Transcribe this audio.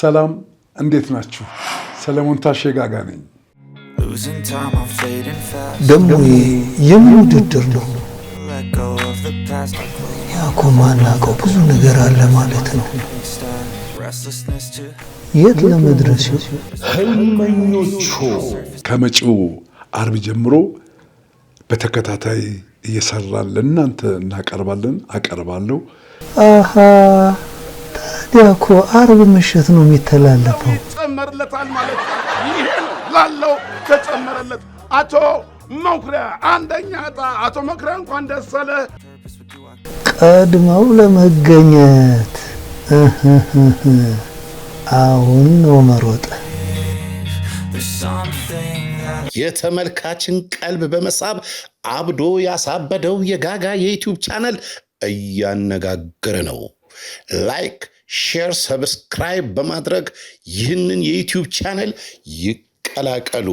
ሰላም፣ እንዴት ናችሁ? ሰለሞን ታሸጋጋ ነኝ። ደሞ የምን ውድድር ነው? ያኮ ማናቀው ብዙ ነገር አለ ማለት ነው። የት ለመድረስ ህልመኞቹ ከመጪው አርብ ጀምሮ በተከታታይ እየሰራን ለእናንተ እናቀርባለን። አቀርባለሁ። ያኮ አርብ ምሽት ነው የሚተላለፈው። ይጨመርለታል ማለት ይሄ ነው ላለው ተጨመረለት። አቶ መኩሪያ አንደኛ ዕጣ። አቶ መኩሪያ እንኳን ደስ ቀድመው ለመገኘት አሁን ነው መሮጥ። የተመልካችን ቀልብ በመሳብ አብዶ ያሳበደው የጋጋ የዩቲዩብ ቻናል እያነጋገረ ነው። ላይክ ሼር፣ ሰብስክራይብ በማድረግ ይህንን የዩቲዩብ ቻነል ይቀላቀሉ።